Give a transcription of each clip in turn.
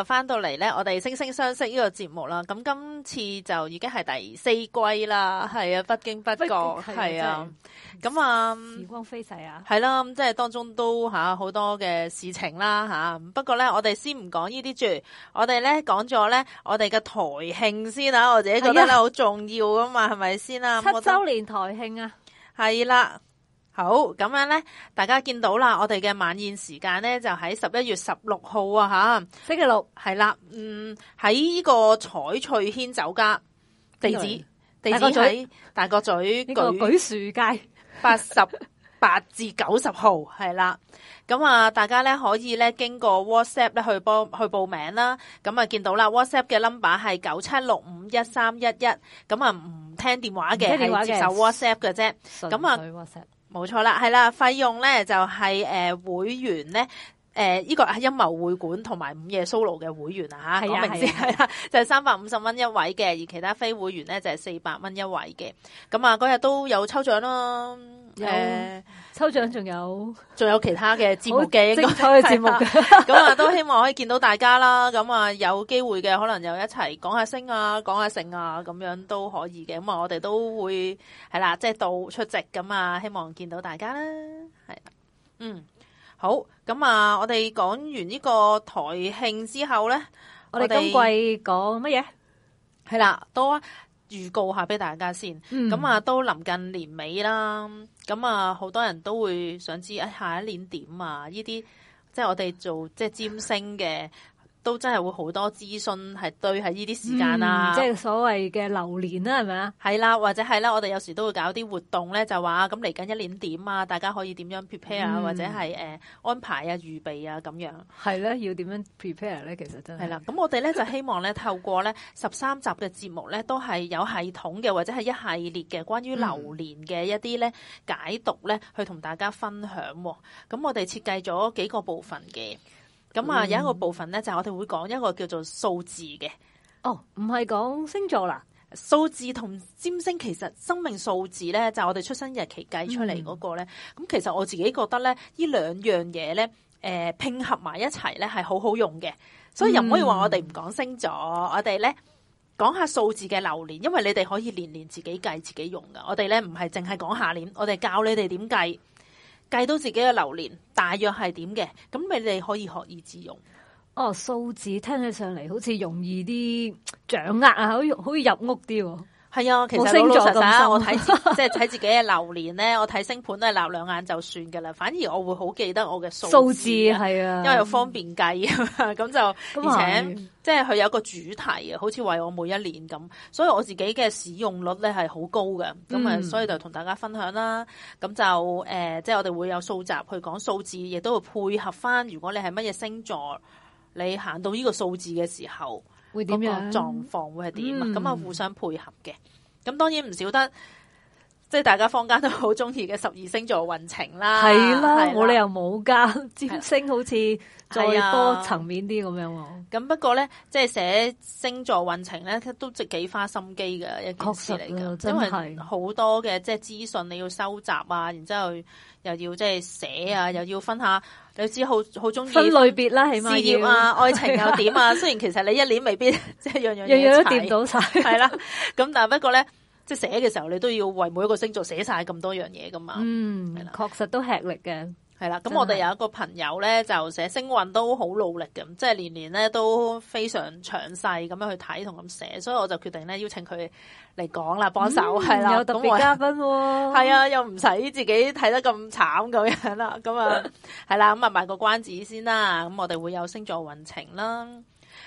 就翻到嚟咧，我哋星聲相析呢個節目啦。咁今次就已經係第四季啦，係啊，不經不覺，係京啊。咁是啊，時光飛逝啊，係啦、啊。咁即係當中都吓好多嘅事情啦，吓。不過咧，我哋先唔講呢啲住，我哋咧講咗咧，我哋嘅台慶先啊，我自己覺得咧好、啊、重要噶嘛，係咪先啊？七周年台慶啊，係啦。好咁樣咧，大家見到啦，我哋嘅晚宴時間咧就喺十一月十六號啊，下星期六係啦，嗯喺呢個彩翠軒酒家，地址地址喺大角咀舉嘴櫸樹街八十八至九十號係啦，咁啊 大家咧可以咧經過 WhatsApp 咧去報去報名啦，咁啊見到啦 WhatsApp 嘅 number 係九七六五一三一一，咁啊唔聽電話嘅，係接受 WhatsApp 嘅啫，咁啊冇錯啦，係啦，費用咧就係、是、誒、呃、會員咧，誒、呃、呢、這個係陰謀會館同埋午夜 solo 嘅會員是啊吓，講明先係啦，就係三百五十蚊一位嘅，而其他非會員咧就係四百蚊一位嘅，咁啊嗰日都有抽獎咯，誒有。呃抽獎仲有，仲有其他嘅節目嘅精彩嘅節目嘅，咁啊都希望可以見到大家啦，咁啊有機會嘅可能又一齊講下聲啊，講下聲啊，咁樣都可以嘅，咁啊我哋都會係啦，即係到出席咁啊，希望見到大家啦，係啦，嗯，好，咁啊我哋講完呢個台慶之後咧，我哋今季講乜嘢？係啦，多啊。預告下俾大家先，咁、嗯、啊都臨近年尾啦，咁啊好多人都會想知誒、哎、下一年點啊？呢啲即係我哋做即係占星嘅。都真係會好多資訊係堆喺呢啲時間啊！嗯、即係所謂嘅流年啦，係咪啊？係啦，或者係啦，我哋有時都會搞啲活動咧，就話咁嚟緊一年點啊？大家可以點樣 prepare 啊、嗯？或者係、呃、安排啊、預備啊咁樣。係啦，要點樣 prepare 咧？其實真係。係啦，咁我哋咧就希望咧透過咧十三集嘅節目咧，都係有系統嘅 或者係一系列嘅關於流年嘅一啲咧解讀咧，去同大家分享、啊。咁我哋設計咗幾個部分嘅。咁啊，嗯、有一個部分咧，就係、是、我哋會講一個叫做數字嘅。哦，唔係講星座啦、啊，數字同占星其實生命數字咧，就係、是、我哋出生日期計出嚟嗰個咧。咁、嗯、其實我自己覺得咧，兩呢兩樣嘢咧，誒、呃，拼合埋一齊咧，係好好用嘅。所以又唔可以話我哋唔講星座，嗯、我哋咧講下數字嘅流年，因為你哋可以年年自己計自己用噶。我哋咧唔係淨係講下年，我哋教你哋點計。計到自己嘅流年大約係點嘅，咁你哋可以學以致用。哦，數字聽起上嚟好似容易啲掌握啊，好容易入屋啲。係啊，其實老老實實啊，我睇即係睇自己嘅流年咧，我睇星盤都係擸兩眼就算嘅啦。反而我會好記得我嘅數字，數字係啊，因為又方便計啊嘛。咁 就而且的即係佢有一個主題啊，好似為我每一年咁，所以我自己嘅使用率咧係好高嘅。咁啊、嗯，所以就同大家分享啦。咁就誒、呃，即係我哋會有數集去講數字，亦都會配合翻。如果你係乜嘢星座，你行到呢個數字嘅時候，會點樣，狀況會係點咁啊，互相配合嘅，咁當然唔少得，即、就、係、是、大家坊間都好中意嘅十二星座運程啦。係啦，我哋又冇間，占啦星好，好似。再多層面啲咁樣喎。咁不過咧，即係寫星座運程咧，都即係幾花心機嘅一件事嚟噶。因為好多嘅即係資訊你要收集啊，然之後又要即係寫啊，又要分下你知好好中意分類別啦，係咪？事業啊，愛情又點啊？雖然其實你一年未必即係樣樣樣都掂到晒，係啦。咁但係不過咧，即係寫嘅時候，你都要為每一個星座寫晒咁多樣嘢噶嘛。嗯，係啦，確實都吃力嘅。係啦，咁我哋有一個朋友咧，的就寫星運都好努力嘅，即係年年咧都非常詳細咁樣去睇同咁寫，所以我就決定咧邀請佢嚟講啦，幫手係啦。有特別嘉賓喎，咁我係啊，又唔使自己睇得咁慘咁樣啦，咁啊，係啦， 咁啊賣個關子先啦，咁我哋會有星座運程啦，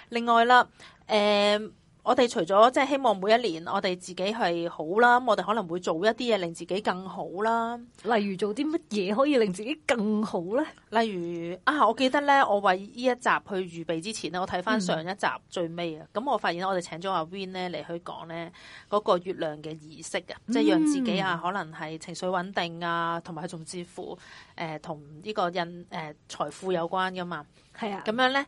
另外啦，嗯我哋除咗即係希望每一年我哋自己係好啦，我哋可能會做一啲嘢令自己更好啦。例如做啲乜嘢可以令自己更好咧？例如啊，我記得咧，我為呢一集去預備之前咧，我睇翻上一集最尾啊，咁、嗯、我發現我哋請咗阿 Win 咧嚟去講咧嗰個月亮嘅儀式啊，即係讓自己啊、嗯、可能係情緒穩定啊，同埋仲至乎誒同呢個人誒財富有關噶嘛。係啊，咁樣咧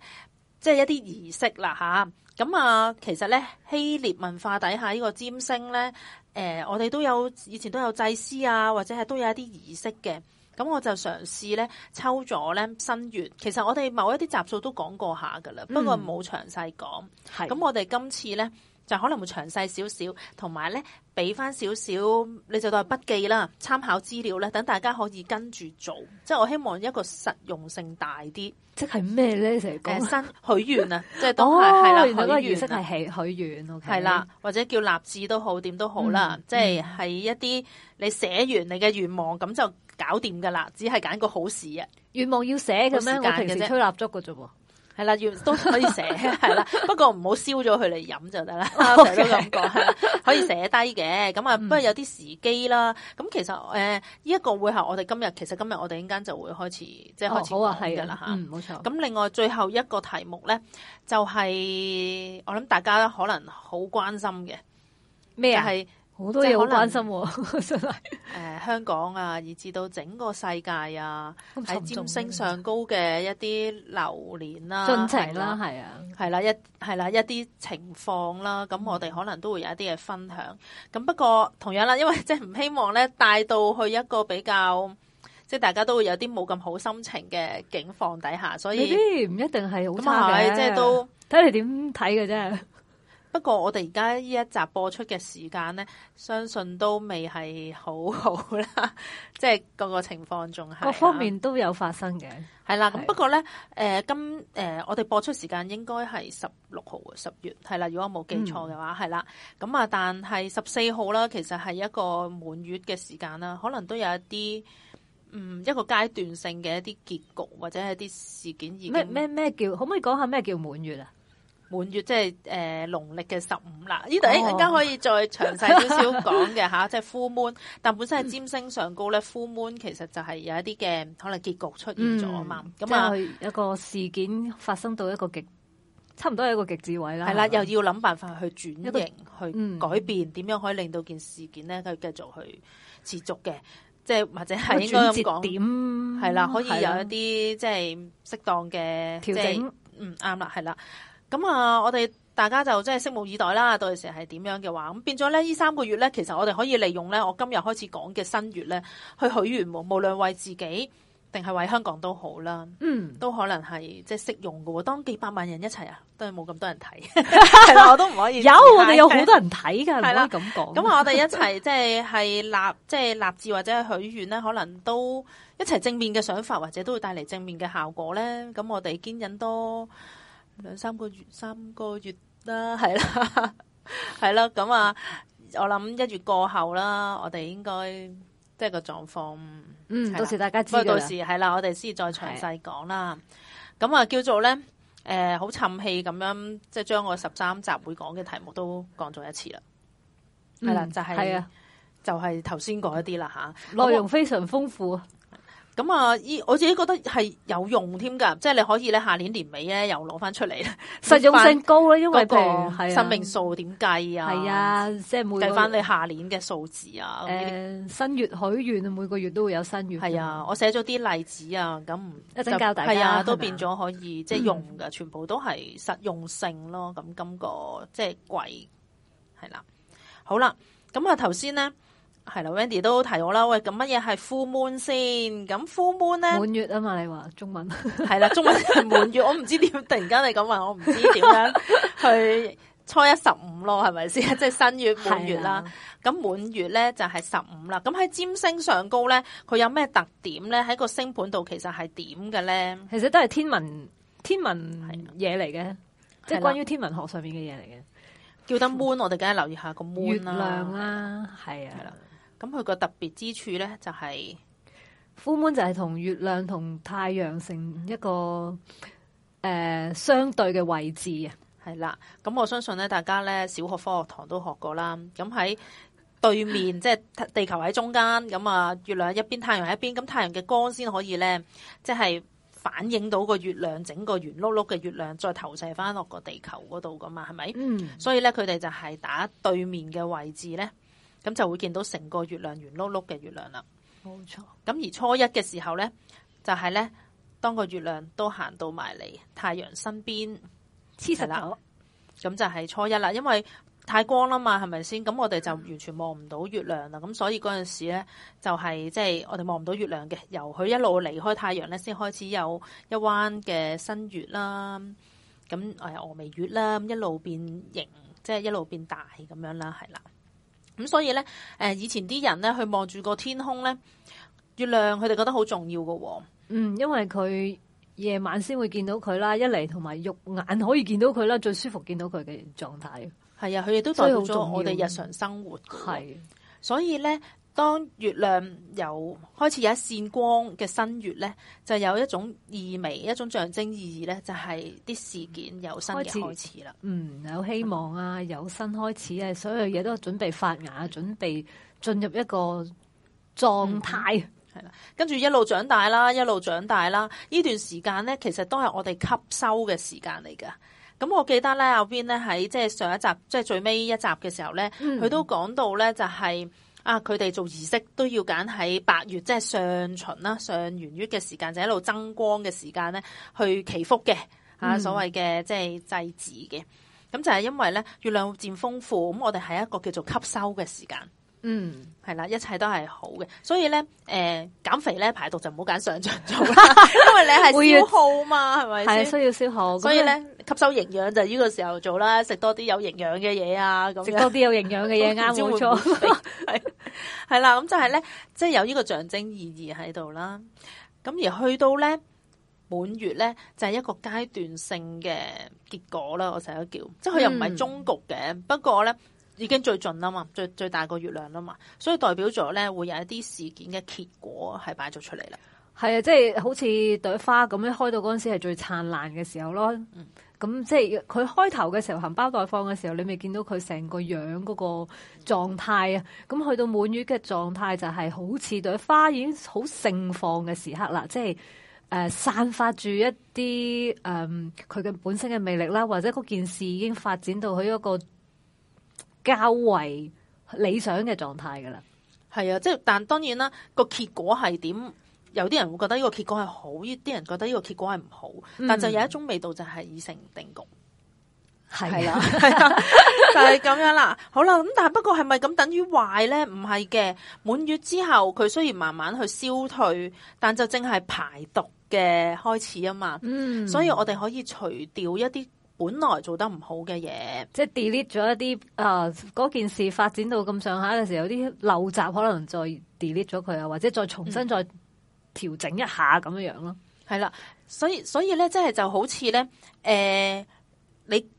即係一啲儀式啦、啊、吓。啊咁啊，其實咧，希臘文化底下個占呢個占星咧，誒、呃，我哋都有以前都有祭司啊，或者係都有一啲儀式嘅。咁我就嘗試咧抽咗咧新月。其實我哋某一啲集數都講過下㗎啦，嗯、不過冇詳細講。咁的我哋今次咧。就可能會詳細少少，同埋咧俾翻少少，你就當係筆記啦、參考資料啦，等大家可以跟住做。即係我希望一個實用性大啲。即係咩咧？成日講、新、許願啊， 即係都係係啦。嗰個意思係許願，啦願 o、okay、啦，或者叫立志都好，點都好啦。即係係一啲你寫完你嘅願望，咁、嗯、就搞掂噶啦。只係揀個好事啊。願望要寫咁樣，我平時吹蠟燭嘅啫。係啦，要都 可以寫，係啦， 不過唔好燒咗佢嚟，飲就得啦。Okay. 我成日都咁講，可以寫低嘅。咁啊，不過有啲時機啦。咁其實誒，呢、呃、一、這個會係我哋今日，其實今日我哋呢間就會開始，即、就、係、是、開始講嘅啦吓。冇錯、哦。咁、啊嗯、另外最後一個題目咧，就係、是、我諗大家可能好關心嘅咩係？麼好多嘢好關心喎、 呃，香港啊，以至到整個世界啊，喺占星上高嘅一啲流年啦，進程啦，係啊，係啦、啊啊、一係啦、啊、一啲情況啦、啊，咁、嗯、我哋可能都會有一啲嘅分享。咁不過同樣啦，因為即係唔希望咧帶到去一個比較，即係大家都會有啲冇咁好心情嘅境況底下，所以唔一定係好差嘅，即係都睇你點睇嘅啫。不過我哋而家呢一集播出嘅時間咧，相信都未係好好啦，即係個個情況仲係各方面都有發生嘅，係啦的。的不過咧，誒、呃、今誒、呃、我哋播出時間應該係十六號十月，係啦，如果我冇記錯嘅話，係啦、嗯。咁啊，但係十四號啦，其實係一個滿月嘅時間啦，可能都有一啲嗯一個階段性嘅一啲結局或者係啲事件，已經咩咩咩叫可唔可以講下咩叫滿月啊？滿月即係誒農曆嘅十五啦，呢度誒，我而家可以再詳細少少講嘅吓，即係 full moon，但本身係占星上高咧，full moon 其實就係有一啲嘅可能結局出現咗啊嘛，咁啊一個事件發生到一個極，差唔多係一個極致位啦，係啦，又要諗辦法去轉型去改變，點樣可以令到件事件咧去繼續去持續嘅，即係或者係應該咁講，點係啦，可以有一啲即係適當嘅調整，嗯啱啦，係啦。咁啊！我哋大家就真係拭目以待啦，到時係點樣嘅話，咁變咗咧？呢三個月咧，其實我哋可以利用咧，我今日開始講嘅新月咧，去許願，無論為自己定係為香港都好啦。嗯，都可能係即係適用喎。當幾百萬人一齊啊，都係冇咁多人睇， 我都唔可以。 有的我哋有好多人睇噶，的可以咁講。咁我哋一齊即係係立，即係立志或者係許願咧，可能都一齊正面嘅想法，或者都會帶嚟正面嘅效果咧。咁我哋堅忍多。兩三個月，三個月啦，係啦，係啦，咁啊，我諗一月過後啦，我哋應該即係個狀況。嗯，了到時大家知道，不過到時係啦，我哋先再詳細講啦。咁啊的，叫做咧，誒、呃，好沉氣咁樣，即係將我十三集會講嘅題目都講咗一次啦。係啦、嗯，就係、是，的就係頭先一啲啦，吓，內容非常豐富。咁啊！依我自己覺得係有用添噶，即、就、係、是、你可以咧下年年尾咧又攞翻出嚟，實用性高啦，因為個生命數點計啊，係啊，即係、啊就是、每計翻你下年嘅數字啊。誒、呃，新月許願，每個月都會有新月，係啊，我寫咗啲例子啊，咁一陣交底，大啊，嗎都變咗可以即係、就是、用噶，嗯、全部都係實用性咯。咁今、這個即係貴係啦，好啦，咁啊頭先咧。係啦，Wendy 都提我啦。喂，咁乜嘢係 full moon 先？咁 full moon 咧？滿月啊嘛？你話中文係啦，中文係滿 月。 我唔知點，突然間你咁話，我唔知點樣去初一十五咯，係咪先？即係新月滿月啦。咁滿月咧就係十五啦。咁喺占星上高咧，佢有咩特點咧？喺個星盤度其實係點嘅咧？其實都係天文天文嘢嚟嘅，即係關於天文學上面嘅嘢嚟嘅。的 叫得 moon，我哋梗係留意下個 moon 啦、啊，月亮啦，係啊。咁佢個特別之處咧，就係、是，滿就係同月亮同太陽成一個誒、呃、相對嘅位置啊，係啦。咁我相信咧，大家咧小學科學堂都學過啦。咁喺對面， 即係地球喺中間，咁啊月亮一邊，太陽一邊。咁太陽嘅光先可以咧，即、就、係、是、反映到個月亮整個圓碌碌嘅月亮，月亮再投射翻落個地球嗰度噶嘛，係咪？嗯。所以咧，佢哋就係打對面嘅位置咧。咁就會見到成個月亮圓碌碌嘅月亮啦。冇錯錯。咁而初一嘅時候呢，就係、是、呢，當個月亮都行到埋嚟太陽身邊，黐實啦。咁就係初一啦，因為太光啦嘛，係咪先？咁我哋就完全望唔到月亮啦。咁、嗯、所以嗰陣時呢，就係即係我哋望唔到月亮嘅。由佢一路離開太陽呢，先開始有一彎嘅新月啦。咁誒峨眉月啦，一路變形，即、就、係、是、一路變大咁樣啦，係啦。咁所以咧，誒以前啲人咧，去望住個天空咧，月亮佢哋覺得好重要嘅喎、哦。嗯，因為佢夜晚先會見到佢啦，一嚟同埋肉眼可以見到佢啦，最舒服見到佢嘅狀態。係啊，佢哋都代表咗我哋日常生活。係，所以咧。當月亮由開始有一線光嘅新月咧，就有一種意味、一種象徵意義咧，就係、是、啲事件由新嘅開始啦。嗯，有希望啊，有新開始啊，所有嘢都準備發芽，嗯、準備進入一個狀態。啦、嗯，嗯、跟住一路長大啦，一路長大啦。呢段時間咧，其實都係我哋吸收嘅時間嚟㗎。咁我記得咧，阿邊呢咧喺即係上一集，即係最尾一集嘅時候咧，佢、嗯、都講到咧，就係、是。啊！佢哋做儀式都要揀喺八月，即係上旬啦、上元月嘅時間，就一路增光嘅時間咧，去祈福嘅，嗯、啊，所謂嘅即係祭祀嘅。咁就係因為咧，月亮漸豐富，咁我哋係一個叫做吸收嘅時間。嗯，係啦，一切都係好嘅，所以咧，誒，減肥咧排毒，就唔好揀上場做，因為你係會消耗嘛，係咪？係需要消耗，所以咧，吸收營養就呢個時候做啦，食多啲有營養嘅嘢啊，咁食多啲有營養嘅嘢啱，冇錯，係係啦，咁就係咧，即係有呢個象徵意義喺度啦，咁而去到咧滿月咧就係一個階段性嘅結果啦，我成日都叫，即係佢又唔係終局嘅，不過咧。已經最盡啦嘛，最最大個月亮啦嘛，所以代表咗咧會有一啲事件嘅結果係擺咗出嚟啦。係啊，即係好似朵花咁樣開到嗰陣時係最燦爛嘅時候咯。咁、嗯、即係佢開頭嘅時候含苞待放嘅時候，你未見到佢成個樣嗰個狀態啊。咁、嗯、去到滿月嘅狀態就係好似朵花已經好盛放嘅時刻啦。即係、呃、散發住一啲誒佢嘅本身嘅魅力啦，或者嗰件事已經發展到佢一個較為理想嘅狀態噶啦，係啊，即係但當然啦，個結果係點？有啲人會覺得呢個結果係好，啲人覺得呢個結果係唔好，嗯、但就有一種味道就係已成定局，係啦，係啦，就係咁樣啦。好啦，咁但係不過係咪咁等於壞咧？唔係嘅，滿月之後佢雖然慢慢去消退，但就正係排毒嘅開始啊嘛。嗯，所以我哋可以除掉一啲。本來做得唔好嘅嘢，即係 delete 咗一啲啊。嗰件事發展到咁上下嘅時候，有啲陋習，可能再 delete 咗佢啊，或者再重新再調整一下咁樣樣咯，係啦、嗯，所以所以咧，即、就、係、是、就好似咧，誒、呃、你。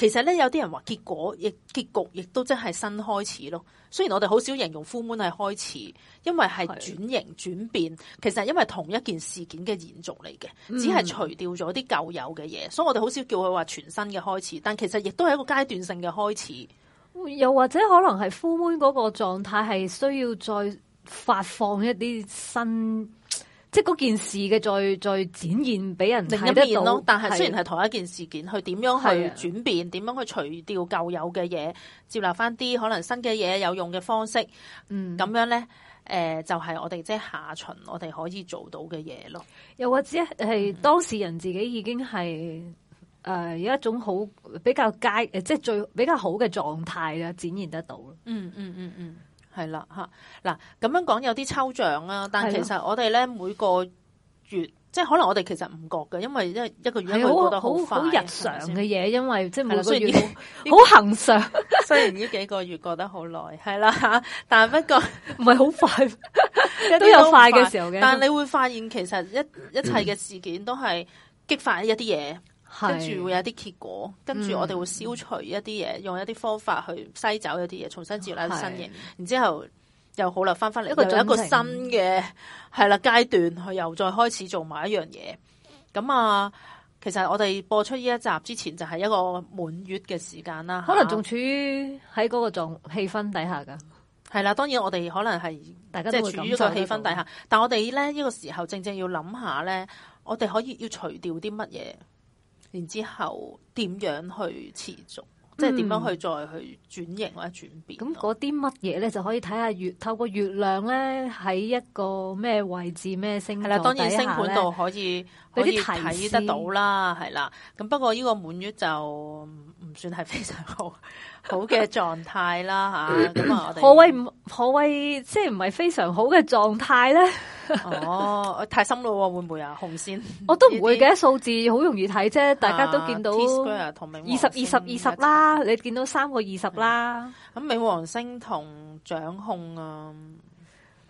其實咧，有啲人話結果亦結局，亦都即係新開始咯。雖然我哋好少形容 full moon 係開始，因為係轉型是轉變。其實係因為同一件事件嘅延續嚟嘅，只係除掉咗啲舊有嘅嘢，嗯、所以我哋好少叫佢話全新嘅開始。但其實亦都係一個階段性嘅開始。又或者可能係 full moon 嗰、嗰個狀態係需要再發放一啲新。即係嗰件事嘅再再展現俾人睇得到，咯是但係雖然係同一件事件，是去點樣去轉變，點樣、啊、去除掉舊有嘅嘢，接納翻啲可能新嘅嘢，有用嘅方式，嗯，咁樣咧，誒、呃，就係、是、我哋即係下巡我哋可以做到嘅嘢咯。又或者係當事人自己已經係誒有一種好比較佳，即、就、係、是、最比較好嘅狀態啦，展現得到嗯嗯嗯嗯。嗯嗯。係啦，吓嗱，咁樣講有啲抽象啦，但係其實我哋咧每個月，的即係可能我哋其實唔覺㗎，因為一個月的一個月覺得好快好好，好日常嘅嘢，是是因為即係每個月好恒常。雖然呢幾個月過得好耐，係啦吓，但係不過唔係好快，都，快 都有快嘅時候嘅。但係你會發現，其實一一切嘅事件都係激發一啲嘢。跟住是會有啲結果，跟住我哋會消除一啲嘢，嗯、用一啲方法去篩走一啲嘢，重新接落新嘅。是然後之後又好啦，翻翻嚟一個另一個新嘅係啦階段，佢又再開始做埋一樣嘢。咁啊，其實我哋播出呢一集之前就係一個滿月嘅時間啦，可能仲處於喺嗰個狀氣的氛底下噶係啦。當然我哋可能係大家即係處於個氣氛底下，但我哋咧呢、呢個時候正正要諗下咧，我哋可以要除掉啲乜嘢。然之後點樣去持續，即係點樣去再去轉型或者轉變？咁嗰啲乜嘢咧就可以睇下月，透過月亮咧喺一個咩位置咩星座，當然，星盤度可以睇得到啦，係啦。咁不過呢個滿月就唔算係非常好。 好嘅狀態啦吓，咁啊、 嗯、我哋何謂唔何謂即係唔係非常好嘅狀態咧？ 哦，太深啦，會唔會啊？紅線我都唔會嘅，數些字好容易睇啫，大家都見到二十二十二十啦，你見到三個二十啦，咁冥王星同掌控啊，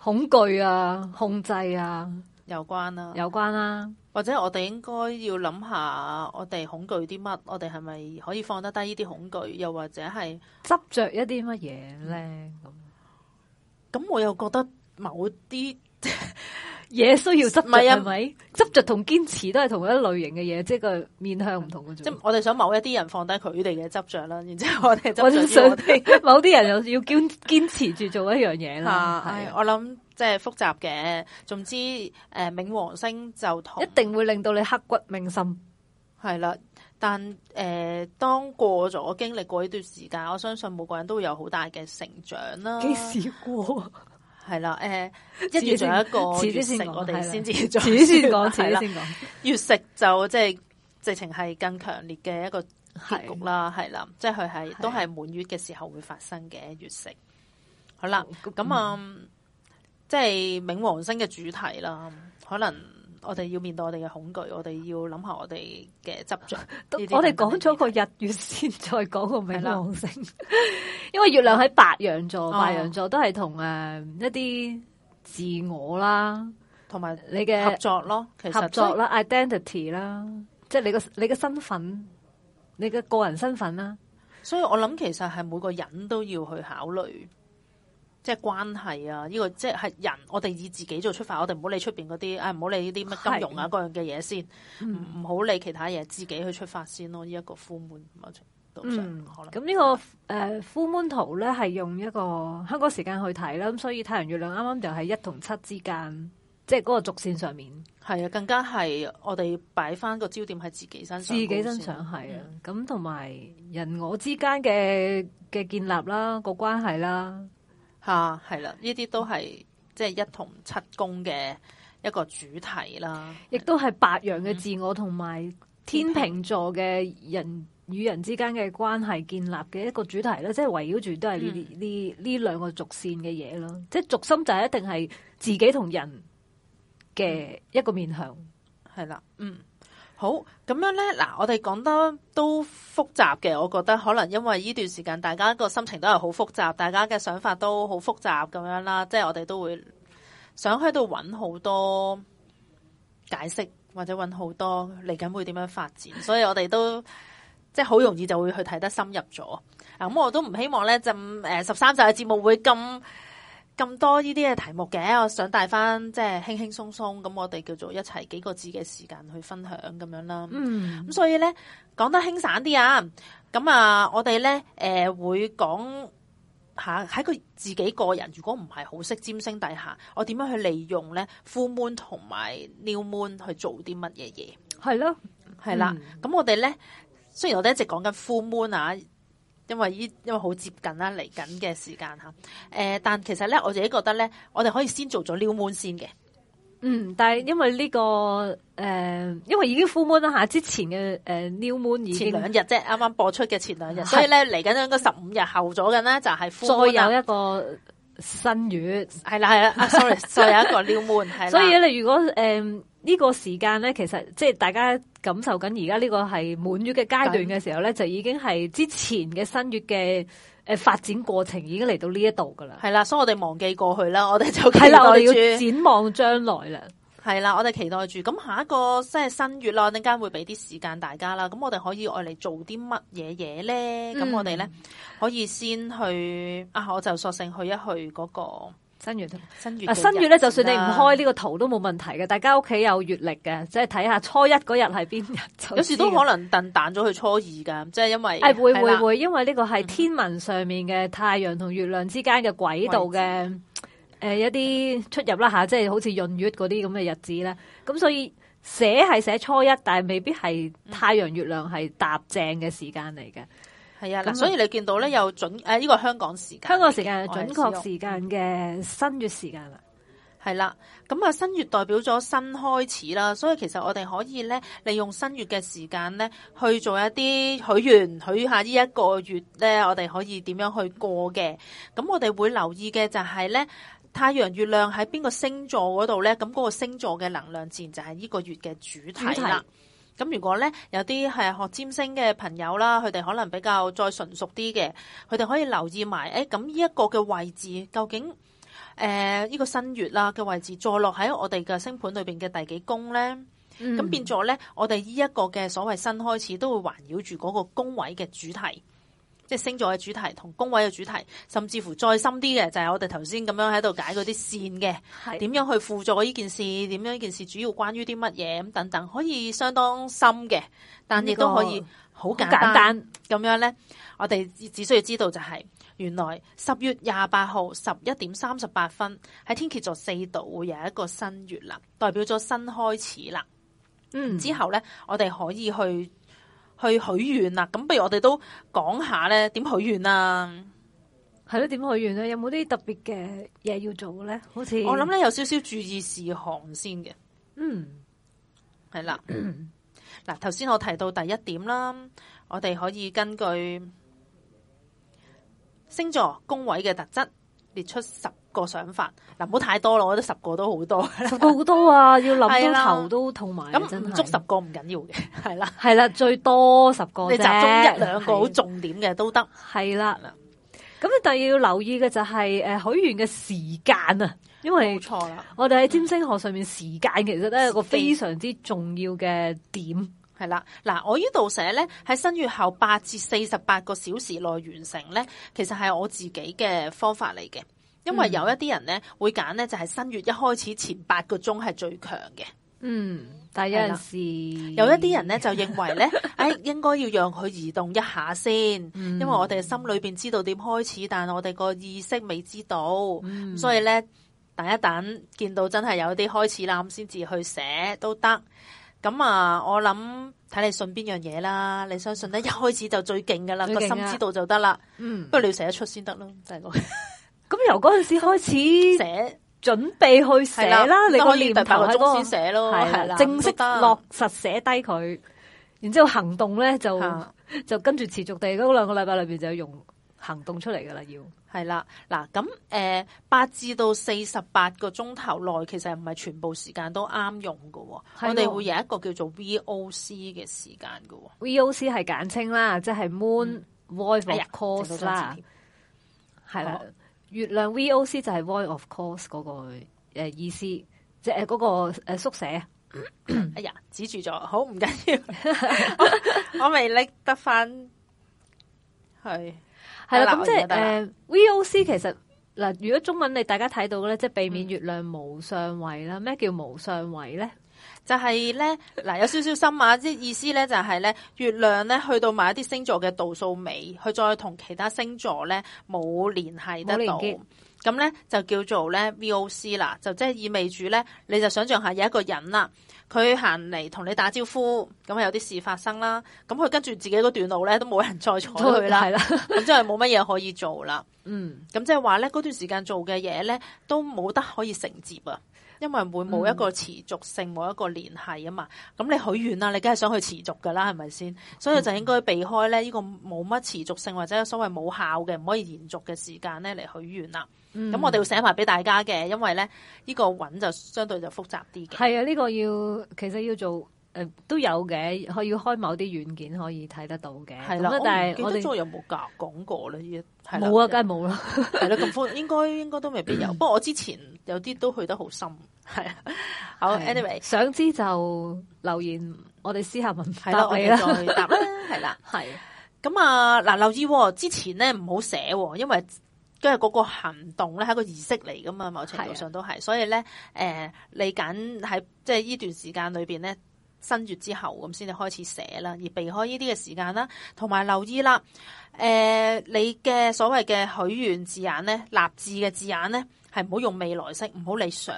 恐懼啊，控制啊。有關啦，啊，有關啦，啊，或者我哋應該要諗下，我哋恐懼啲乜？我哋係咪可以放得低呢啲恐懼？又或者係執着一啲乜嘢咧？咁、嗯，咁我又覺得某啲嘢 需要執着，係咪執着同堅持都係同一類型嘅嘢，即係個面向唔同嘅。即係、嗯就是、我哋想某一啲人放低佢哋嘅執着啦，然之後我哋執着想，某啲人又要堅堅持住做一樣嘢啦。係我諗。即係複雜嘅，總之誒，冥王星就一定會令到你刻骨銘心，係啦。但誒，當過咗經歷過呢段時間，我相信每個人都會有好大嘅成長啦。幾時過？係啦，誒，一月仲有一個月食，我哋先至自己先講，自己先講。月食就即係直情係更強烈嘅一個結局啦，係啦，即係佢係都係滿月嘅時候會發生嘅月食。好啦，咁啊。即係冥王星嘅主題啦，可能我哋要面對我哋嘅恐懼，我哋要諗下我哋嘅執着。 我哋講咗個日月先，再講個冥王星，嗎因為月亮喺白羊座，哦、白羊座都係同誒一啲自我啦，同埋你嘅合作咯，其實合作啦，identity 啦，即係你嘅你嘅身份，你嘅個人身份啦。所以我諗，其實係每個人都要去考慮。即係關係啊！呢、這個即係人，我哋以自己做出發，我哋唔好理出邊嗰啲啊，唔、哎、好理呢啲乜金融啊的各樣嘅嘢先，唔好、嗯、理其他嘢，自己去出發先咯。呢一個呼門模式，咁呢個誒呼門圖咧係用一個香港時間去睇啦，咁所以太陽月亮啱啱就喺一同七之間，即係嗰個軸線上面係啊、嗯，更加係我哋擺翻個焦點喺自，自己身上，自己身上係啊，咁同埋人我之間嘅嘅建立啦，個關係啦。吓係啦，呢啲，啊、都係即係一同七宮嘅一個主題啦，亦都係白羊嘅自我同埋天秤座嘅人與人之間嘅關係建立嘅一個主題啦，即係圍繞住都係呢啲呢呢兩個軸線嘅嘢咯，即係軸心就係一定係自己同人嘅一個面向，係啦、嗯，嗯。好，咁樣咧，嗱，我哋講得都複雜嘅，我覺得可能因為呢段時間大家個心情都係好複雜，大家嘅想法都好複雜咁樣啦，即係我哋都會想喺度揾好多解釋或者揾好多嚟緊會點樣發展，所以我哋都 即係好容易就會去睇得深入咗。嗱，咁我都唔希望咧，就誒十三集嘅節目會咁。咁多呢啲嘅題目嘅，我想帶翻即係輕輕鬆鬆咁，我哋叫做一齊幾個字嘅時間去分享咁樣啦。嗯，咁所以咧講得輕散啲啊。咁啊，我哋咧誒會講下喺佢自己個人，如果唔係好識占星底下，我點樣去利用咧 full moon 同埋 new moon 去做啲乜嘢嘢？係咯的，係啦、嗯。咁我哋咧雖然我哋一直講緊 full moon 啊。因為呢因為好接近啦，嚟緊嘅時間哈，誒、呃，但其實咧，我自己覺得咧，我哋可以先做咗 New Moon 先嘅，嗯，但係因為呢、呢個誒、呃，因為已經 Full Moon 啦嚇，之前嘅誒、呃、New Moon 前兩日即係，啱啱播出嘅前兩日，所以咧嚟緊應該十五日後咗嘅咧，就係再有一個。新月係啦係啦，sorry，再有一個撩悶係，所以咧，你如果誒呢、呃、這個時間咧，其實即係大家感受緊而家呢個係滿月嘅階段嘅時候咧，就已經係之前嘅新月嘅誒、呃、發展過程已經嚟到呢一度噶啦。係啦，所以我哋忘記過去啦，我哋就係啦，我哋要展望將來啦。係啦，我哋期待住。咁下一個即係新月啦，陣間會俾啲時間大家間啦。咁我哋可以愛嚟做啲乜嘢嘢咧？咁、嗯、我哋咧可以先去啊，我就索性去一去嗰、嗰個新月。新月啊，新月咧，就算你唔開呢個圖都冇問題嘅。大家屋企有月曆嘅，即係睇下初一嗰日係邊日。有時都可能掟彈咗去初二噶，即係因為係會會會，因為呢個係天文上面嘅太陽同月亮之間嘅軌道嘅。誒、呃，一啲出入啦吓，即係好似閏月嗰啲咁嘅日子啦。咁所以寫係寫初一，但係未必係太陽月亮係搭正嘅時間嚟嘅。係啊、嗯，嗱那，所以你見到咧有準誒呢、嗯啊，這個香港時間，香港時間係準確時間嘅新月時間啦。係、嗯、啦，咁啊、嗯、新月代表咗新開始啦，所以其實我哋可以咧利用新月嘅時間咧去做一啲許願，許下呢一個月咧，我哋可以點樣去過嘅。咁我哋會留意嘅就係咧。太陽、月亮喺邊個星座嗰度咧？咁、那、嗰個星座嘅能量自然就係呢個月嘅主題啦。咁主題如果咧有啲係學占星嘅朋友啦，佢哋可能比較再純熟啲嘅，佢哋可以留意埋誒，咁呢一個嘅位置究竟誒呢、呃呢個新月啦嘅位置坐落喺我哋嘅星盤裏邊嘅第幾宮咧？咁、嗯、變咗咧，我哋呢一個嘅所謂新開始都會環繞住嗰個宮位嘅主題。即係星座嘅主題，同宮位嘅主題，甚至乎再深啲嘅，就係我哋頭先咁樣喺度解嗰啲線嘅，點樣去輔助呢件事？點樣呢件事主要關於啲乜嘢？咁等等，可以相當深嘅，但亦這都可以好簡單咁樣呢，我哋只需要知道就係、是，原來十月廿八號十一點三十八分喺天蠍座四度會有一個新月啦，代表咗新開始啦。嗯，之後呢，我哋可以去。去許願啦，咁不如我哋都講下咧，點許願啊？係咯，點許願啊？有冇啲特別嘅嘢要做咧？好似我諗咧有少少注意事項先嘅。嗯，係啦了，嗱，頭 先我提到第一點啦，我哋可以根據星座宮位嘅特質列出十個想法，嗱，唔好太多咯。我覺得十個都好多，十個好多啊， 要諗到頭都痛埋咁，唔足、啊、的十個唔緊要嘅，係啦、啊，係啦、啊，最多十個你集中一兩個好重點嘅都得係啦。咁第二要留意嘅就係誒許願嘅時間啊，因為冇錯啦，我哋喺占星學上面時間其實都係非、啊、一個非常之重要嘅點係啦。嗱、啊，我寫呢度寫咧喺新月後八至四十八個小時內完成咧，其實係我自己嘅方法嚟嘅。因為有一啲人咧、嗯、會揀咧就係新月一開始前八個鐘係最強嘅，嗯，但係有陣時有一啲人咧就認為咧， 哎，應該要讓佢移動一下先，嗯、因為我哋心裏邊知道點開始，但我哋個意識未知道，嗯、所以咧等一等，見到真係有啲開始啦，咁先至去寫都得。咁啊，我諗睇你信邊樣嘢啦，你相信咧一開始就最勁噶啦，個、啊、心知道就得啦，嗯，不過你要寫得出先得咯，就係 咁由嗰陣時開始寫，準備去寫啦。的你個念頭喺嗰個先寫咯，係啦，正式落實寫低佢。的然之後行動咧就的就跟住持續地嗰兩個禮拜裏邊就要用行動出嚟噶啦，要係啦。嗱咁誒，八至到四十八個鐘頭內，其實唔係全部時間都啱用噶。的我哋會有一個叫做 VOC 嘅時間噶。的 VOC 係簡稱啦，即係 Moon Void、嗯、of Course、哎、啦，係啦、啊。月亮 VOC 就係 void of course 嗰個誒意思，即係嗰個誒縮寫。哎呀，止住咗，好唔緊要，我未拎得翻。係係啦，咁即係 VOC 其實嗱，呃，如果中文你大家睇到咧，即係避免月亮無上位啦。嗯，咩叫無上位咧？就係咧，嗱有少少深啊！即意思咧就係、是、咧，月亮咧去到埋一啲星座嘅度數尾，佢再同其他星座咧冇聯繫得到，咁咧就叫做咧 VOC 啦，就即係意味住咧，你就想象下有一個人啦、啊，佢行嚟同你打招呼，咁有啲事發生啦，咁佢跟住自己嗰段路咧都冇人再坐去啦，咁即係冇乜嘢可以做啦。嗯，咁即係話咧嗰段時間做嘅嘢咧都冇得可以承接啊。因為會冇一個持續性冇、嗯、一個聯繫啊嘛，咁你許願啦，你梗係想去持續噶啦，係咪先？所以就應該避開咧呢個冇乜持續性或者所謂冇效嘅，唔可以延續嘅時間咧嚟許願啦。咁、嗯、我哋會寫埋俾大家嘅，因為咧呢、這個揾就相對就複雜啲嘅。係啊，呢、這個要其實要做。誒，都有嘅，可以開某啲軟件可以睇得到嘅。係啦的，但係我哋都有冇講過咧？依一冇啊，梗係冇啦。係啦，咁寬 應該應該都未必有。嗯、不過我之前有啲都去得好深，係 好。的 anyway，想知就留言，我哋私下問。係啦，我哋再回答啦。係啦 的，係的。咁啊，嗱，留意、哦、之前咧唔好寫、哦，因為今日嗰個行動咧係一個儀式嚟噶嘛，某程度上都係。的所以咧，誒、呃，你嚟緊喺即係呢段時間裏邊咧。新月之後咁先至開始寫啦，而避開呢啲嘅時間啦，同埋留意啦。誒、呃，你嘅所謂嘅許願字眼咧，立志嘅字眼咧，係唔好用未來式，唔好理想。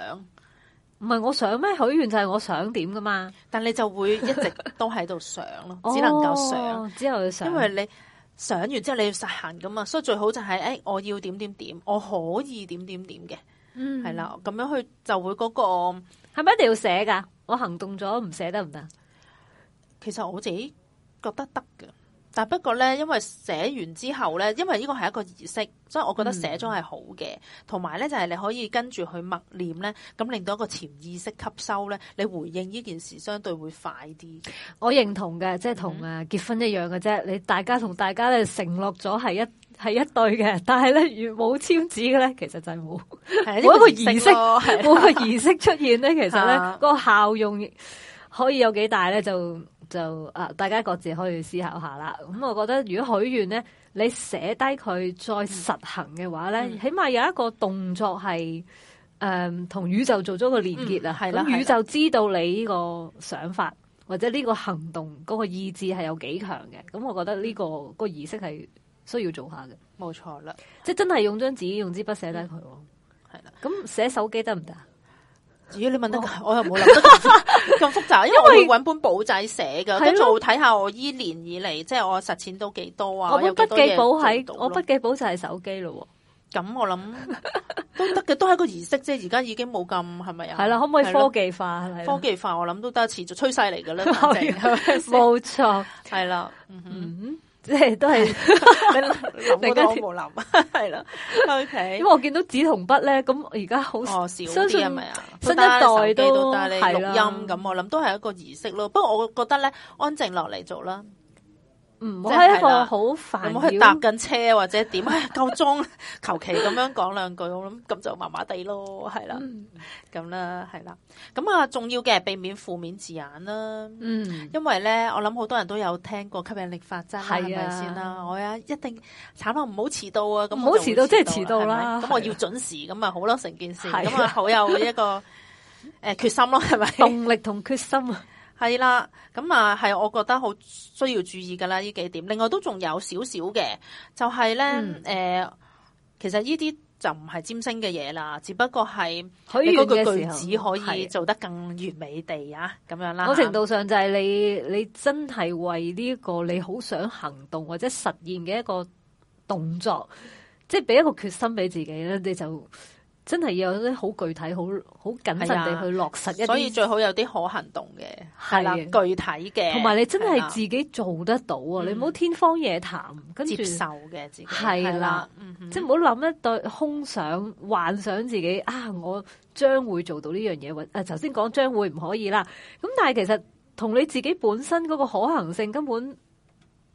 唔係我想咩？許願就係我想點㗎嘛。但你就會一直都喺度想咯， 只能夠想，只能夠想。因為你想完之後你要實行㗎嘛，所以最好就係、是、誒、哎，我要點點點，我可以點點點嘅。嗯，係啦，咁樣去就會嗰個，係咪一定要寫㗎？我行動咗唔寫得唔得？其實我自己覺得得嘅，但不過呢，因為寫完之後呢，因為呢個係一個儀式，所以我覺得寫咗係好嘅。同埋、嗯、呢，就係、是、你可以跟住去默念呢，咁令到一個潛意識吸收呢，你回應呢件事相對會快啲。我認同嘅，即係同啊結婚一樣嘅啫。嗯、你大家同大家咧承諾咗係一。係一對嘅，但係咧，如冇簽紙嘅咧，其實就係冇。一的 個儀式，嗰的個儀式出現咧，的其實咧，的那個效用可以有幾大咧？就就啊，大家各自可以思考一下啦。咁我覺得，如果許願咧，你寫低佢再實行嘅話咧，嗯、起碼有一個動作係誒同宇宙做咗個連結啦啊。啦、嗯、宇宙知道你呢個想法或者呢個行動嗰個意志係有幾強嘅。咁我覺得呢、這個、嗯、那個儀式係。需要做下嘅，冇錯啦，即係真係用張紙，用支筆寫低佢，係啦。咁寫手機得唔得？咦，你問得我又冇諗得咁複雜，因為我要搵本簿仔寫噶，跟住，睇下我依年以嚟即係我實踐到幾多啊？我本筆記簿喺我筆記簿就係手機咯。咁我諗都得嘅，都係一個儀式啫。而家已經冇咁係咪啊？係啦，可唔可以科技化？科技化我諗都得，持續趨勢嚟噶啦，冇錯，係啦。即係 都係是，我覺得好冇諗，係啦。因為我見到紙同筆咧，咁而家好少啲係咪啊？哦、一是是新一代都帶嚟錄音咁，對了 我諗都係一個儀式咯。不過我覺得咧，安靜落嚟做啦。唔好係一個好煩，唔好去搭緊車或者點啊？夠鐘，求其咁樣講兩句，我諗咁就麻麻地咯，係啦，咁啦，係啦。咁啊，重要嘅係避免負面字眼啦。嗯，因為咧，我諗好多人都有聽過吸引力法則，係咪先啦？我啊一定慘啊，唔好遲到啊！咁唔好遲到即係遲到啦。咁我要準時，咁咪好咯，成件事咁啊，好有一個誒決心咯，係咪？動力同決心啊！係啦，咁啊，係我覺得好需要注意噶啦，呢幾點。另外都仲有少少嘅，就係、是、咧，誒、嗯呃，其實呢啲就唔係占星嘅嘢啦，只不過係你嗰個句子可以做得更完美地啊，咁樣啦。某、嗯、程度上就係你你真係為呢個你好想行動或者實現嘅一個動作，即係俾一個決心俾自己咧，你就。真係要有啲好具體，好好謹慎地去落實一啲，所以最好有啲可行動嘅，係啦，的具體嘅，同埋你真係自己做得到啊！的你唔好天方夜譚，嗯、跟住着接受嘅自己係啦，即係唔好諗一對空想、幻想自己啊！我將會做到呢樣嘢，或、啊、誒，頭先講將會唔可以啦。咁但係其實同你自己本身嗰個可行性根本，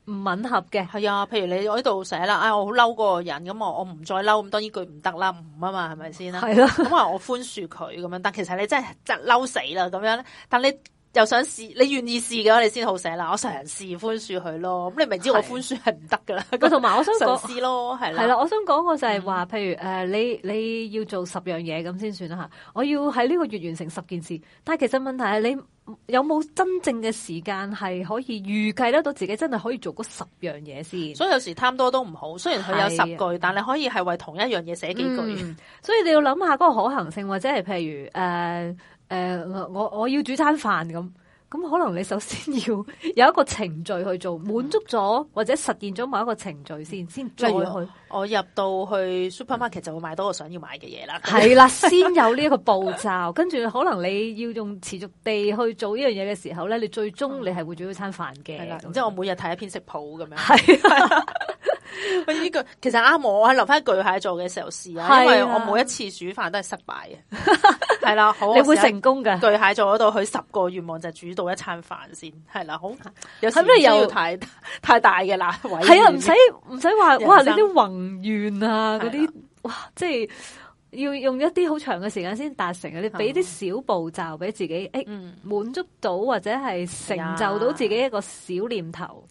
唔吻合嘅，係啊，譬如你我呢度寫啦，啊、哎、我好嬲嗰個人，咁我我唔再嬲，咁當然句唔得啦，唔啊嘛，係咪先啦？係啦，咁話我寬恕佢咁樣，但其實你真係嬲死啦，咁樣，但你又想試，你願意試嘅話，你先好寫啦，我嘗試寬恕佢咯。咁你咪知我寬恕係唔得噶啦，咁同埋我想嘗試咯，係係啦，我想講我就係話，譬如誒、呃，你你要做十樣嘢咁先算啦吓，我要喺呢個月完成十件事，但係其實問題係你。有冇真正嘅時間係可以預計得到自己真係可以做嗰十樣嘢先？所以有時貪多都唔好，雖然佢有十句，係但你可以係為同一樣嘢寫幾句，嗯。所以你要諗下嗰個可行性，或者係譬如誒誒、呃呃，我我要煮餐飯咁。咁可能你首先要有一個程序去做，滿足咗或者實現咗某一個程序先，先再去我。我入到去 supermarket 就會買多個想要買嘅嘢啦。係啦，先有呢一個步驟， 跟住可能你要用持續地去做呢樣嘢嘅時候咧，你最終你係會煮到餐飯嘅。係啦了，okay? 即係我每日睇一篇食譜咁樣。係是、啊。 我呢個其實啱我，喺留翻巨蟹座嘅時候試下。因為我每一次煮飯都係失敗嘅。是啊 係啦，好，你會成功噶，巨蟹座嗰度，佢十個願望就煮到一餐飯先，係啦，好，有時真係要太太大嘅啦。係啊，唔使唔使話，哇！你啲宏願啊，嗰啲哇，即係要用一啲好長嘅時間先達成啊！你俾啲小步驟俾自己，誒，滿足到或者係成就到自己一個小念頭，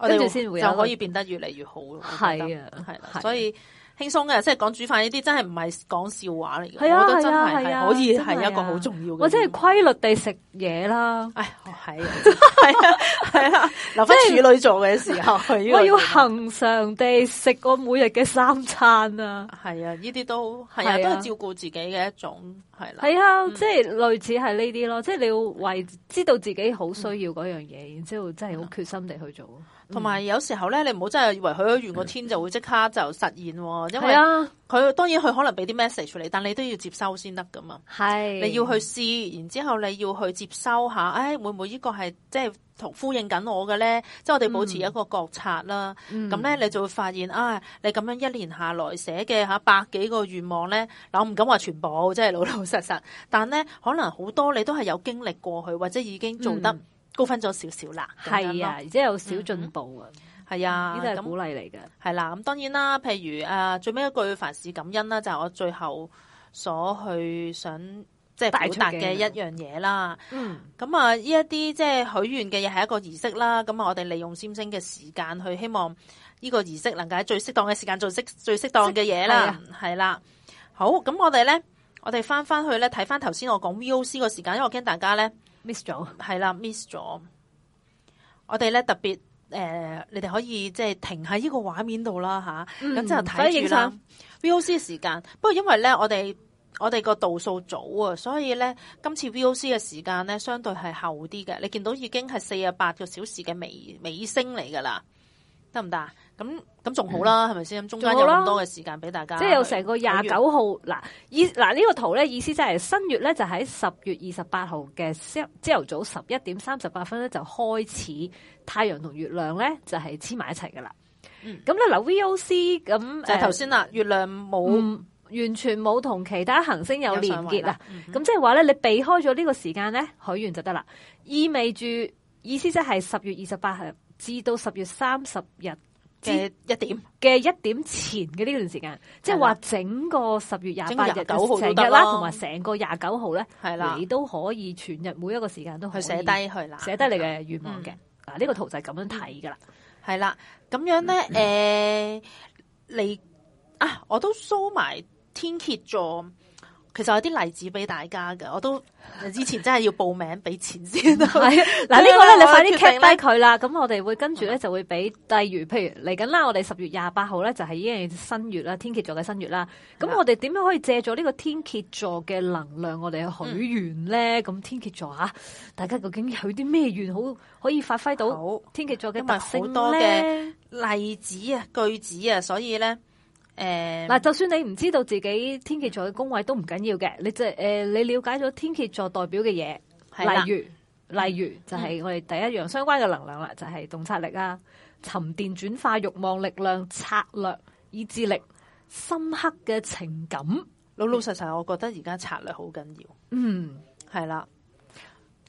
跟住先會就可以變得越嚟越好咯。係啊，係啦，所以。輕鬆嘅，即係講煮飯呢啲，真係唔係講笑話嚟嘅。係啊，係啊，係可以係一個好重要嘅，或者係規律地食嘢啦。哎，係係啊，係啊。留翻，處女座嘅時候，我要恆常地食我每日嘅三餐啊。係啊，呢啲都係啊，都係照顧自己嘅一種，係啦。係啊，即係類似係呢啲咯。即係你要為知道自己好需要嗰樣嘢，然之後真係好決心地去做。同埋有時候咧，你唔好真係以為許咗願個天就會即刻就實現。因為啊，佢當然佢可能俾啲 message 你，但你都要接收先得噶嘛。係是，你要去試，然之後你要去接收一下，誒、哎、會唔會呢個係即係同呼應緊我嘅咧？即係、嗯、我哋保持一個覺察啦。咁咧、嗯，你就會發現啊、哎，你咁樣一年下來寫嘅吓百幾個願望咧，嗱我唔敢話全部，即係老老實實，但咧可能好多你都係有經歷過去，或者已經做得高分咗少少啦。係、嗯、樣啊，即係有少進步啊、嗯。係啊，呢啲係鼓勵嚟嘅。係啦、啊，咁當然啦，譬如啊，最尾一句凡事感恩啦，就係、是、我最後所去想即係表達嘅一樣嘢啦。嗯。咁啊，呢一啲即係許願嘅嘢係一個儀式啦。咁啊，我哋利用占星嘅時間去希望呢個儀式能夠喺最適當嘅時間做最適當嘅嘢啦。係啦、啊啊。好，咁我哋咧，我哋翻翻去咧睇翻頭先我講 VOC 個時間，因為我驚大家咧 miss 咗。係啦，miss 咗。我哋咧特別。誒、呃，你哋可以即係停喺呢個畫面度啦吓，咁就睇住啦。嗯、VOC 嘅時間，不過因為咧我哋我哋個度數早啊，所以咧今次 VOC 嘅時間咧相對係後啲嘅。你見到已經係四十八個小時嘅尾尾聲嚟噶啦。得唔得？咁咁仲好啦，係咪先？咁中間有咁多嘅時間俾大家。即係有成個廿九號嗱意嗱呢個圖咧，意思就係新月咧就喺、是、十月二十八號嘅朝朝頭早十一點三十八分咧就開始太陽同月亮咧就係黐埋一齊噶、嗯、啦。咁咧嗱 VOC 咁就頭先啦，月亮冇、嗯、完全冇同其他行星有連結啦，咁即係話咧，你避開咗呢個時間咧，許願就得啦。意味住意思即係十月二十八號。至到十月三十日嘅一點嘅一點前嘅呢段時間，即係話整個十月廿八日成日啦，同埋成個廿九號咧，係啦的，你都可以全日每一個時間都可以寫下去寫低去啦，寫低你嘅願望嘅嗱，呢、嗯啊呢個圖就係咁樣睇噶啦，係啦，咁樣咧，誒你、嗯呃、啊，我都梳埋天蠍座。其實有啲例子俾大家嘅，我都之前真係要報名俾錢先、 啊。係、這、嗱、個， 呢個咧你快啲 cut 低佢啦。咁 我哋會跟住咧 就會俾，例如譬如嚟緊啦，我哋十月廿八號咧就係呢個新月啦，天蠍座嘅新月啦。咁 我哋點樣可以借助呢個天蠍座嘅能量，我們許呢，我哋去許願咧？咁天蠍座吓、啊，大家究竟許啲咩願好可以發揮到天蠍座嘅特性多嘅例子啊，句子啊，所以咧。誒，嗱、嗯，就算你唔知道自己天蠍座嘅宮位都唔緊要嘅，你即係誒，你了解咗天蠍座代表嘅嘢，的例如，嗯、例如就係我哋第一樣相關嘅能量啦，嗯、就係洞察力啊，沉澱轉化欲望力量、策略、意志力、深刻嘅情感。老老實實，我覺得而家策略好緊要。嗯，係啦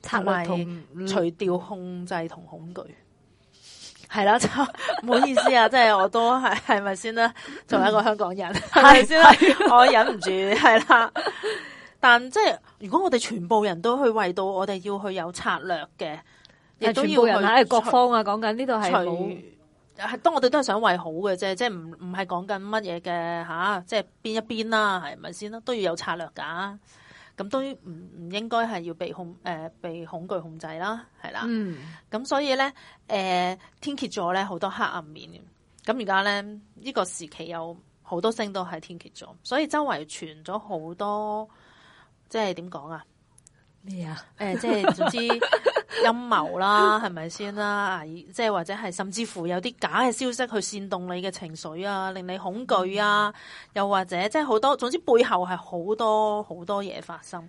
的，策略同除掉控制同恐懼。係啦，就唔 好意思啊！即係我都係，係咪先啦？ 作為一個香港人，係先啦？我忍唔住，係啦。 但即係如果我哋全部人都去為到，我哋要去有策略嘅，亦都要人喺、啊、各方啊。講緊呢度係除，係當我哋都係想為好嘅啫，即係唔唔係講緊乜嘢嘅吓？即係邊一邊啦、啊，係咪先啦？都要有策略㗎、啊。咁都唔唔應該係要被恐誒、呃、被恐懼控制啦，係啦。咁、嗯、所以咧，誒、呃、天蠍座咧，好多黑暗面。咁而家咧呢、呢個時期有好多星都係天蠍座，所以周圍傳咗好多即係點講啊？咩啊？誒什、 呃，即係總之陰謀啦，係咪 先啦？即係或者係甚至乎有啲假嘅消息去煽動你嘅情緒啊，令你恐懼啊，嗯、又或者即係好多，總之背後係好多好多嘢發生。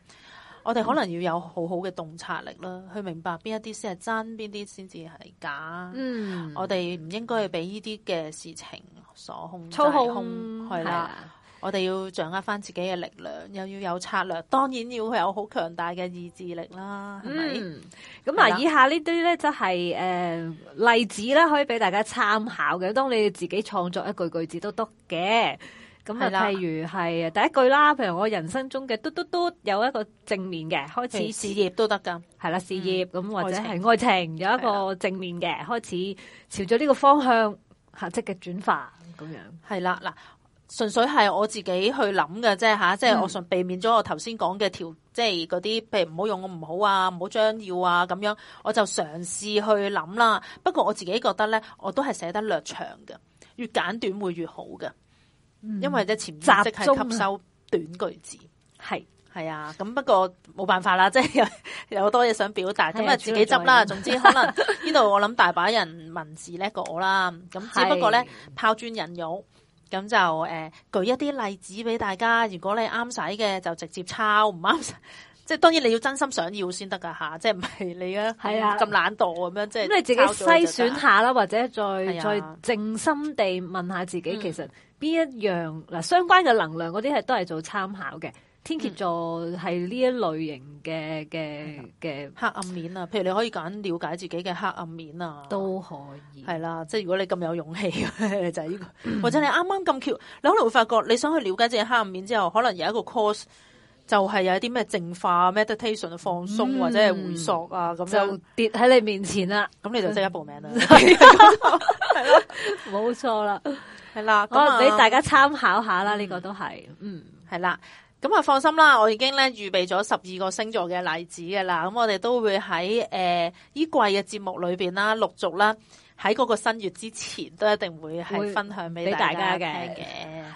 我哋可能要有好好嘅洞察力啦，嗯、去明白邊一啲先係真，邊啲先至係假。嗯，我哋唔應該去俾呢啲嘅事情所控制，操控係啦啊。我哋要掌握翻自己嘅力量，又要有策略，當然要有好強大嘅意志力啦，係咪、嗯？咁、嗯、啊，的以下這些呢啲咧就係、是、誒、呃、例子啦，可以俾大家參考嘅。當你自己創作一句句子都得嘅，咁係啦。譬如係的的第一句啦，譬如我人生中嘅嘟嘟嘟有一個正面嘅開始，事業都得㗎，係啦，事業咁、嗯、或者係愛情，愛情是的有一個正面嘅的開始，朝著呢個方向積極嘅轉化咁樣，係啦，嗱、嗯。純粹係我自己去諗嘅啫吓，即、啊、係、就是、我想避免咗我頭先講嘅條，即係嗰啲譬如唔好用我唔好啊，唔好將要啊咁樣，我就嘗試去諗啦。不過我自己覺得咧，我都係寫得略長嘅，越簡短會越好嘅，嗯、因為咧潛意識係吸收短句子，係係、嗯、是啊。咁不過冇辦法啦，即 係有好多嘢想表達，咁啊的自己執啦。的總之，可能呢度 我諗大把人文字叻過我啦。咁只不過咧拋的磚引玉。咁就誒、呃、舉一啲例子俾大家，如果你啱使嘅就直接抄，唔啱，即係當然你要真心想要先得㗎嚇，即係唔係你嘅係啊咁懶惰咁樣、嗯、即係咁你自己篩選下啦，或者再、啊、再靜心地問下自己，其實邊一樣嗱、嗯啊、相關嘅能量嗰啲係都係做參考嘅。天蠍座係呢一類型嘅嘅嘅黑暗面啊，譬如你可以揀了解自己嘅黑暗面啊，都可以係啦。即係如果你咁有勇氣就係呢個，或者你啱啱咁橋，你可能會發覺你想去了解自己黑暗面之後，可能有一個 course 就係有一啲咩淨化、meditation 放鬆或者係回溯啊，咁就跌喺你面前啦。咁你就即刻報名啦，係咯，冇錯啦，係啦，俾大家參考下啦。呢個都係，嗯，係啦。咁啊，放心啦，我已經咧預備咗十二個星座嘅例子嘅啦。咁我哋都會喺誒呢季嘅節目裏邊啦，陸續啦喺嗰個新月之前都一定會係分享俾大家嘅。係嘅，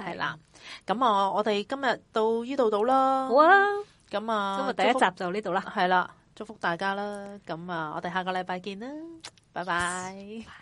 係啦。咁啊的的，我哋今日到呢度到啦，好啊，咁啊那，今日第一集就呢度啦，係啦，祝福大家啦。咁啊，我哋下個禮拜見啦，拜拜。Yes.